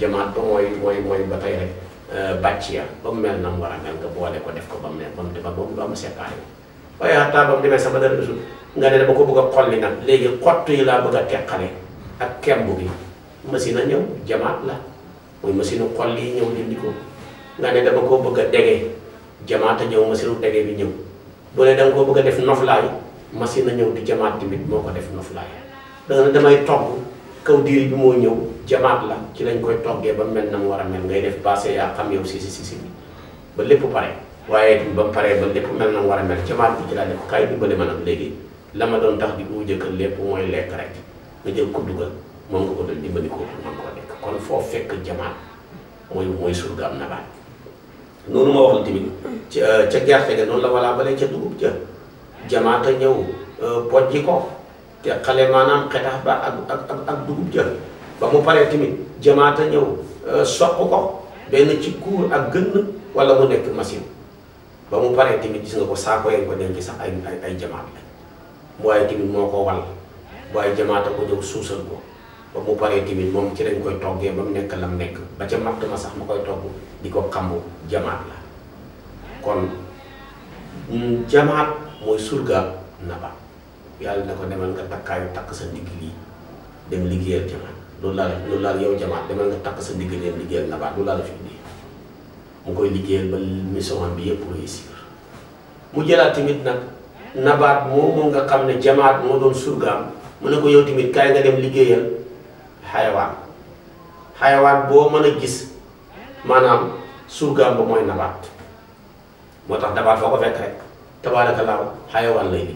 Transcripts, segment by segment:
jamaat ba mooy mooy mooy ba tey rek euh, bàcc ya ba mu mel na mu war a mel nga boole ko def ko ba mu ne ba mu ba mu ba mu séparé waaye xataa ba mu demee sax ba dara usul nga ne dama ko bëgg a xolli nag léegi xott yi laa bëgg a ak kemb bi machine a jamaat la muy machine xolli yi ñëw dindi ko nga ne dama koo bëgg a jamaat a machine dege bi ñëw bu ne da nga koo bëgg def noflaay machine a di jamaat tamit moo ko def noflaay da nga damay togg kaw diiri bi moo ñëw jamaat la ci lañ koy toggee ba mel na mu war a mel ngay def passé yaa xam yow si si si si ba lépp pare waaye it ba pare ba lépp mel na mu war a mel jamaat bi ci laa def kaay ma nag léegi la ma doon tax di ko jëkkal lépp mooy lekk rek nga jël ko dugal moom nga ko doon dimbali ko pour mën koo lekk kon foo fekk jamaat mooy mooy am na baat noonu ma wax la tamit ca ca gerte ga noonu la walla balee ca dugub ja jamaata ñëw euh, poj ji ko teqale maanaam xetax ba ak ak dugub ja ba mu paree tamit jamaata ñëw euh, soq ko benn ci kuur ak gën wala mu nekk machine ba mu paree tamit gis nga ko saako yañ ko denc sax ay ay ay jamaat la waaye tamit moo ko wal waaye jamaata ko ñëw suusal ko ba mu paree tamit moom ci lañ koy toggee ba mu nekk lam nekk ba ca matt ma sax ma koy togg di ko xamu jamaat la kon mm, jamaat mooy surga naba yàlla na ko demal nga takkaayu takk sa ndigg dem liggéeyal jamaat loolu laa loolu laa yow jamaat demal nga takk sa ndigg leen liggéeyal nabaat loolu laa la fi indi mu koy liggéeyal ba mission bi yëpp réussir mu jëlaat nga ne jamaat moo doon surgaam mu ne ko yow tamit kaay nga dem liggéeyal gis manam surgaam ba mooy nabaat moo tax nabaat foo ko fekk rek tabaarakalaaw xayawaan lay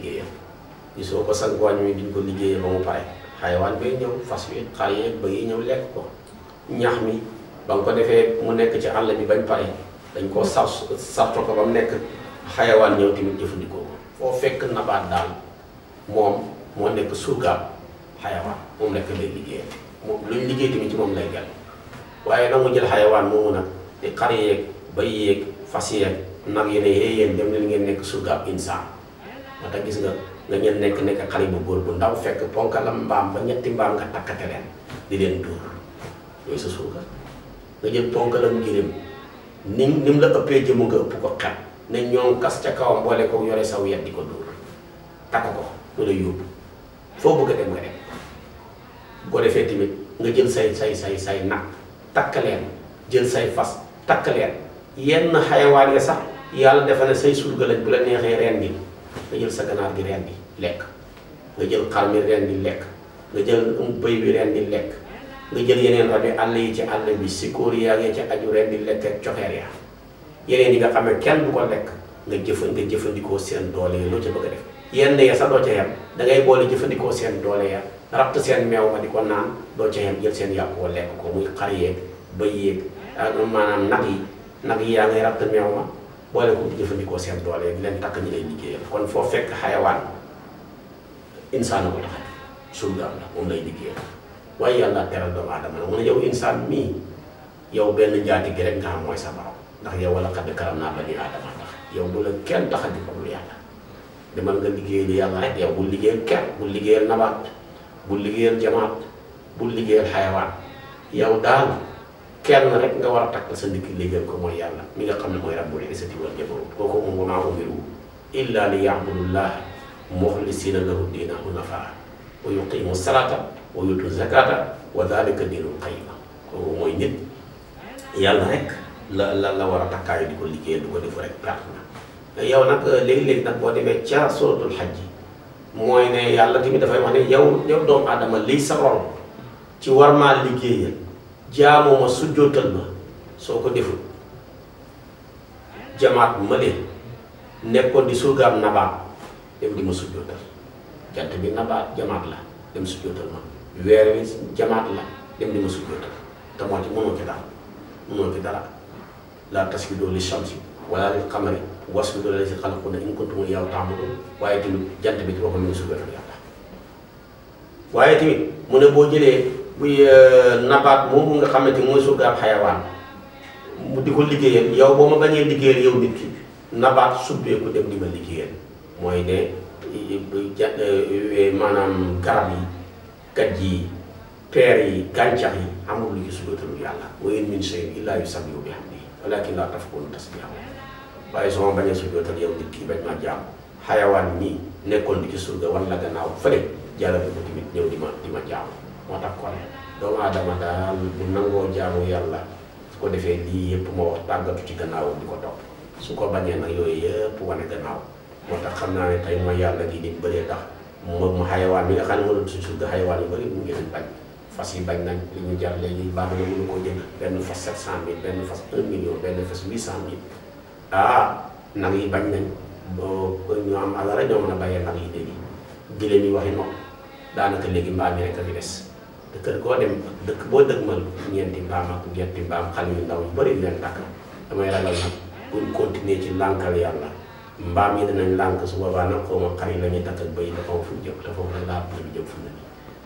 gisoo ko sa wàññi wi duñ ko liggéeyee ba mu pare xayawaan bay ñëw fas wi xar ba bëy ñëw lekk ko ñax mi ba nga ko defee mu nekk ci àll bi bañ pare dañ koo sar sarto ko ba mu nekk xayawaan ñëw tamit jëfandikoo ko foo fekk nabaat daal moom moo nekk surgaam xayawaan moom nekk lay liggéey luñ liggéey tamit ci moom lay gel waaye nangu jël xayawaan moomu nag di xar yeeg bëy yeeg fas yeeg nag yi ne yéen dem leen ngeen nekk surgaam insaan moo gis nga nga ñen nekk nekk xale bu góor bu ndaw fekk ponkalam mbaam ba ñetti mbaam nga takkate leen di leen dóor yooyu sa suuka nga jël ponkalam girim nim nim la ëppee jëmu nga ëpp ko xet ne ñoom kas ca kawam boole ko yore saw yet di ko tak takk ko mu lay yóbbu foo bëgg a dem nga dem boo defee tamit nga jël say say say say tak takk leen jël say fas takk leen yenn xayawaan ya sax yàlla defa ne say surga lañ bu la neexee reen gi nga jël sa ganaar gi rendi lekk nga jël xar mi rendi lekk nga jël um bëy bi rendi lekk nga jël yeneen rabi àll yi ci àll bi sikóor yaa ngi ci aju rendi lekk coxeer ya yeneen yi nga xam ne kenn du ko lekk nga jëfan jëfandikoo seen doole yi loo ca bëgg a def yenn ya sa doo ca yem da ngay boole jëfandikoo seen doole ya rabt seen meew ma di ko naan doo ca yem jël seen yàpp woo lekk ko muy xar yeeg bëy yeeg ah, maanaam nag yi nag yi yaa ngay rabt meew ma boole ko jëfandikoo seen doole ñu leen takk ñi lay liggéeyal kon foo fekk xayawaan insaan ko tax surgaam la moom lay liggéeyal waaye yàlla teral doomu aadama la mu ne yow insaan mii yow benn njaati gi rek nga xam mooy sa ndax yow wala xadd karam naa ba ni aadama tax yow bu la kenn tax a di ko yàlla demal nga liggéeyal yàlla rek yow bul liggéeyal kenn bul liggéeyal nabaat bul liggéeyal jamaat bul liggéeyal xayawaan yow daal kenn rek nga war a takk sa ndigg léegal ko mooy yàlla mi nga xam ne mooy rabbul izzati wal jabarut kooku moom mu naa umiru illa li yaabudullah muxlisina lahu diina hunafa wa yuqimu salata wa yutu zakata wa dalika diinul qayima kooku mooy nit yàlla rek la la la war a takkaayu di ko liggéey du ko defu rek perte na yow nag euh, léegi-léegi nag boo demee ca suratul xajji mooy ne timi tamit dafay wax ne yow yow doomu aadama liy sa rol ci war maa liggéeyal jaamoo ma sujjootal ma soo ko deful jamaat ma de nekkoon di surgaam nabaat dem di ma sujjootal jant bi jamaat la dem sujjootal ma weer wi jamaat la dem di ma sujjootal te moo ci mënoo dara mënoo ci dara laa tasjudu li shamsi wala lil qamari wasjudu lillazi xalaqahunna in kuntum iyyaahu ta'buduun waaye tamit jant bi ci boppam mi waaye tamit mu ne boo jëlee. muy euh, nabaat moomu nga xamante mooy surgaab xayawaan di ko liggéeyal yow boo ma bañee liggéeyal yow nit ki nabaat subbeeku dem di ma liggéeyal mooy ne ja euh, maanaam garab yi gaj yi peer yi gàncax yi amul lu gis lu yàlla wa in min shay'in illaa yusabbihu bihamdihi walaakin laa tafqahuuna tasbiihahum waaye soo ma bañee sujjootal yow nit ki bañ ma jaam xayawaan nii nekkoon di ci surga wan la gannaaw fële jàllale ko tamit ñëw di ma di ma jaam moo tax kon doomu aadama daal bu nangoo jaamu yàlla su ko defee lii yëpp moo wax tàggatu ci gannaaw di ko topp su ko bañee nag yooyu yëpp wane gannaaw moo tax xam naa ne tey mooy yàlla gi di bëree tax moom mu xayawaan bi nga xam ne mënul toujours nga xayawaan yu mu ngi fas yi bañ nañ li ñu jar léegi baax na mënu ko jënd benn fas sept cent mille benn fas un million benn fas huit cent ah nag yi bañ nañ boo ñu am alal rek ñoo mën a bàyyee nag yi léegi giléem yi waxi noonu daanaka léegi mbaam yi rek a fi des kër goo dem dëkk boo dëgmal ñeenti mbaam ak ñetti mbaam xale yu ndaw yu bëri di leen takk damay ragal nag buñ continuer ci lànkal yàlla mbaam yi dinañ lànk su boobaa nag xaw ma xar yi lañuy takk ak bëy dafa fu jëm dafa fu laa bëri jëm fu ne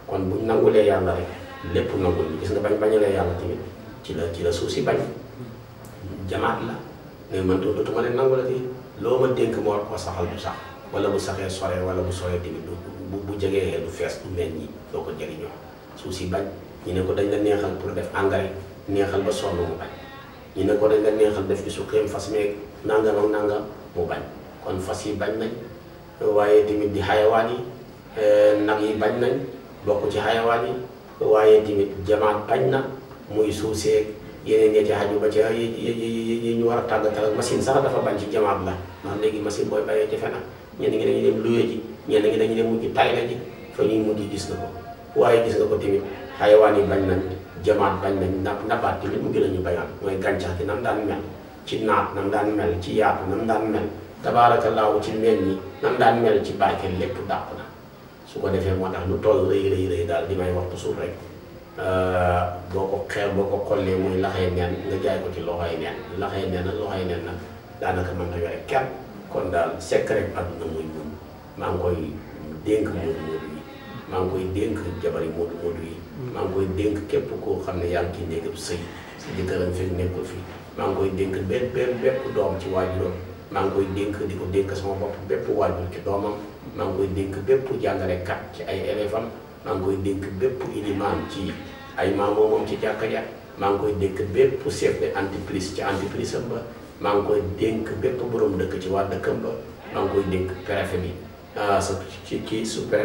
kon buñ nangulee yàlla rek lépp nangul ñu gis nga bañ bañalee yàlla tamit ci la ci la suuf si bañ jamaat la ngay man too dootuma leen nangu la ti loo ma dénk moo war ko saxal du sax wala bu saxee sore wala bu soree tamit du bu jegee eh, du fees du mel nii doo ko jëriñoo suuf si bañ ñu ne ko dañ la neexal pour def engrais neexal ba sonn mu bañ ñu ne ko dañ la neexal def ci suqeem fas meeg nangam ak nangam mu bañ kon fas yi bañ nañ waaye tamit di xayawaan yi eh, nag yi bañ nañ bokk ci xayawaan yi waaye tamit jamaat bañ na muy suuf seeg yeneen ñetti xaju ba ca yi ñu war a tàggatal ak sax dafa bañ ci jamaat la ndax léegi machine booy bayee jafe na ñenn ñi dañuy dem luye ji ñenn ñi dañuy dem mujj tay ji fa ñuy mujj gis na ko waaye gis nga ko tamit xayawaan yi bañ nañ jamaat bañ nañ na nabaat tamit mu gën a ñu bañaat mooy gàncax gi nam daan mel ci naat nam daan mel ci yaatu nam daan mel tabaarakallaahu ci mel ni nam daan mel ci barke lépp dàq na su ko defee moo tax lu toll rëy rëy daal di may wax toujours rek euh, boo ko xeer boo ko xollee muy laxee neen nga jaay ko ci loxoy neen laxee neen nag loxoy neen nag daanaka mën na yore kenn kon daal sekk rek àdduna muy moom maa maa ngi koy dénk jabar yi Modou Modou yi maa ngi koy dénk képp koo xam ne yaa ngi ci néegam sëy sa jëkkëram fekk nekkul fi maa ngi koy dénk bépp bépp doom ci waajuram maa ngi koy dénk di ko dénk sama bopp bépp waajur ci doomam maa ngi koy dénk bépp jàngalekat ci ay élève am maa ngi koy dénk bépp ilimaan ci ay mango moom ci jàkka ja maa ngi koy dénk bépp chef de entreprise ci entreprise am ba maa ngi koy dénk bépp borom dëkk ci waa dëkkam ba maa ngi koy dénk préfet ah, ci ci sous ba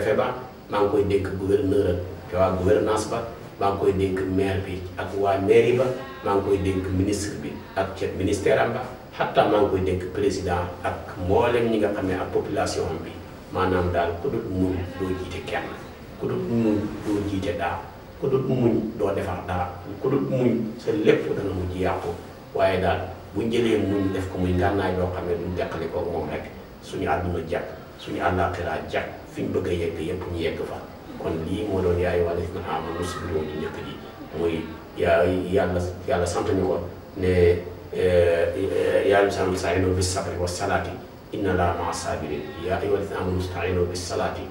maa ngi koy dénk gouverneur ak ci waa gouvernance ba maa ngi koy dénk maire bi ak waa mairie ba maa ngi koy dénk ministre bi ak ca ministère am ba xataa maa ngi koy dénk président ak mboolem ñi nga xam ne ak population bi maanaam daal ku dul muñ doo jiite kenn ku dul muñ doo jiite daaw ku dul muñ doo defar dara ku muñ sa lépp dana mujj yàqu waaye daal buñ jëlee muñ def ko muy ngànnaay yoo xam ne duñ teqali ko moom rek suñu àdduna jàkk suñu àllaaxira jàkk fiñ bëgg a yegg yëpp ñu yegg fa kon lii moo doon yaay wala na amanu si loolu ñu njëkk ji mooy yaa yàlla yàlla sant ñu ko ne yàlla san saino bis sabri wa salaati inna laa maa sabirin yaa ayyuha allazina amanu staino bis salaati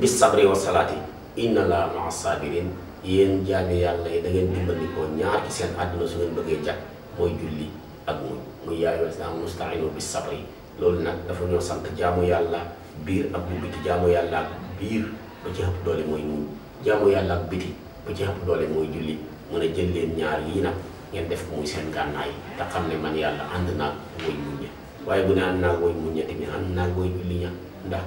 bis sabri wa salaati inna laa maa sabirin yéen jaami yàlla yi da ngeen dimbandikoo ñaar ci seen àdduna su ngeen bëggee jàpp mooy julli ak muñ muy yaa ayyuha allazina amanu staino bis sabri loolu nag dafa ñoo sant jaamu yàlla biir ak bu biti jaamu yàlla ak biir ba ci ëpp doole mooy muñ jaamu yàlla ak biti ba ci ëpp doole mooy julli mën a jël leen ñaar yii nag ngeen def ko muy seen gànnaay te xam ne man yàlla ànd naag mooy muñ ña waaye bu ne ànd naag mooy muñ ña tamit ànd naag mooy julli ña ndax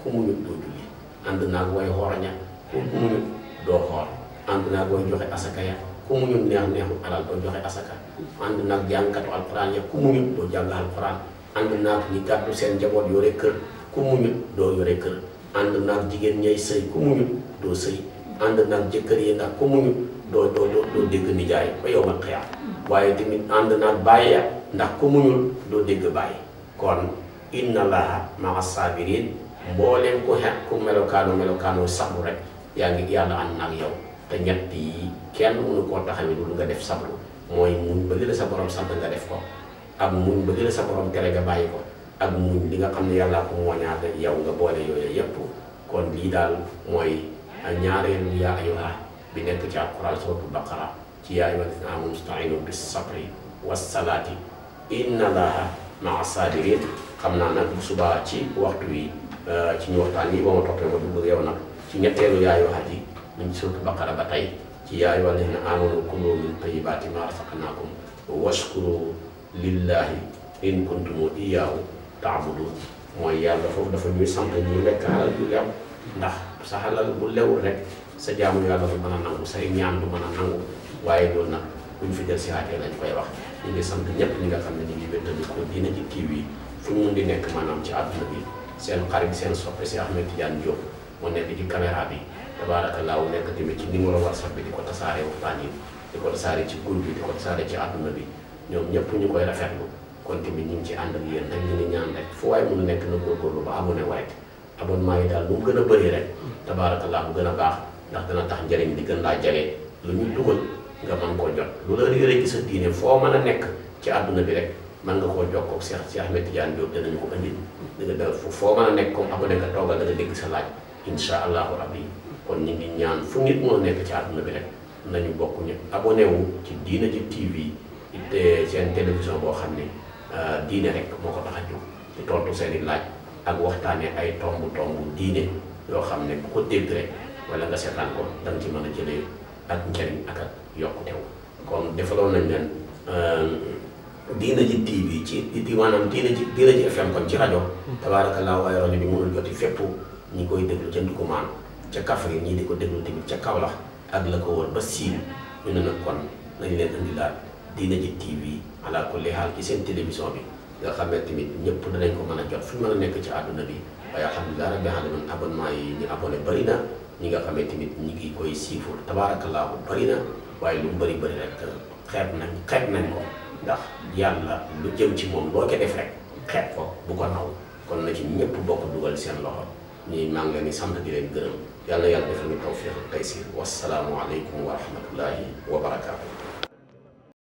ku muñut doo julli ànd naag mooy xoor ña ku muñut doo xoor ànd naag mooy joxe asaka ya ku muñut neex neexu alal doo joxe asaka ànd naag alxuraan ya ku muñut doo jàng alxuraan ànd naag njaboot yore kër ku muñut doo yore kër ànd naag jigéen ñay sëy ku muñut doo sëy ànd naag jëkkër yi ndax ku muñut doo doo doo doo dégg nijaay ba yow ma ya ndax ku muñul dégg kon inna laha ma sabirin mbooleem ku xeq ku melokaanu melokaanoo sabru rek yaa ngi yàlla ànd naag yow te ñett kenn mënu koo taxawee lu nga def sabru mooy muñ bëgg la sa borom sant nga def ko ak muñ bëgg la sa borom nga ko ak muñ li nga xam ne yàllaa ko mooñaale ak yow nga boole yooyu yépp kon lii daal mooy ñaareelu yaa ayyuha bi nekk ci alquran suratul baqara ci yaa ayyuha allazina amanu ista'iinu bis sabri inna allaha maa saabiriin xam naa nag bu subaa ci waxtu wi euh, ci ñu waxtaan yi ba ma toppee ma dugg ci ñetteelu yaa ayyuha ji ñu ngi suratul baqara ba tey ci yaa ayyuha allazina amanu kulu min tayyibaati maa razaqnaakum washkuru lillahi in kuntum iyyaahu taabudu mooy yàlla foofu dafa ñuy sant ñuy lekk alal ju lew ndax sa alal bu lewul rek sa jaamu yàlla du mën a nangu say ñaan du mën a nangu waaye loolu nag buñ fi del siaatee lañ koy wax ñu ngi sant ñëpp ñi nga xam ne ñu ngi wéttalikoo diina ci kiiw fu ñu di nekk maanaam ci àdduna bi seen xarit seen soppe si Ahmed Tidiane Diop moo nekk ci caméra bi tabaarakallaahu nekk tamit ci numéro whatsapp bi di ko tasaare waxtaan yi di ko tasaare ci groupe bi di ko tasaare ci bi ñoom ñëpp ñu koy rafetlu kon tamit ñu ngi ci ànd yéen rek ñu ngi ñaan rek fu waaye mun nekk na góorgóorlu ba abonné waaye abonnement yi daal lu mu gën a bëri rek tabaarakallah gën a baax ndax dana tax njëriñ li gën laa jege lu ñu dugal nga mën koo jot lu la réeré sa diine foo mën a nekk ci àdduna bi rek mën nga koo jokkoo ak Cheikh Cheikh Ahmed Tidiane Diop danañu ko indi dëgg dal foo mën a nekk comme abonné nga toogal da nga dégg sa laaj kon ñu ngi ñaan fu nit nekk ci àdduna bi rek nañu bokk ñu abonné wu ci diine ji TV te seen télévision boo xam ne Eh, diine rek moo ko tax a jóg ci tontu seen i laaj ak waxtaane ay tomb tomb diine yoo xam ne bu ko dégg rek wala nga seetaan ko da nga ci mën a jëlee ak njëriñ ak ak kon defaloon nañ leen eh, diina ji tv ci di maanaam diina ji diina ji fm kon ci rajo tabaarakallah waaye rajo bi mënul joti fépp ñi koy déglu ca ndukumaan ca Kaffrine ñii di ko déglu tamit ca Kaolack ak la ko wër ba siin ñu ne nag kon nañ leen indilaat diina ji tv ala kulli xaal ci seen télévision bi nga xam ne tamit ñëpp danañ ko mën a jot fu mën a nekk ci àdduna bi waaye alhamdulilah rabbi alamin abonnement yi ñu abonné bëri na ñi nga xam ne tamit ñi ngi koy siiful tabaarakallaahu bëri na waaye lu mu bari bëri rek xet nañ xet nañ ko ndax yàlla lu jëm ci moom loo ko def rek xeeb ko bu ko naw kon na ci ñëpp bokk dugal seen loxo ñi maa ngi leen di sant di leen gërëm yàlla yàlla defal ñu ak taysiir wasalaamu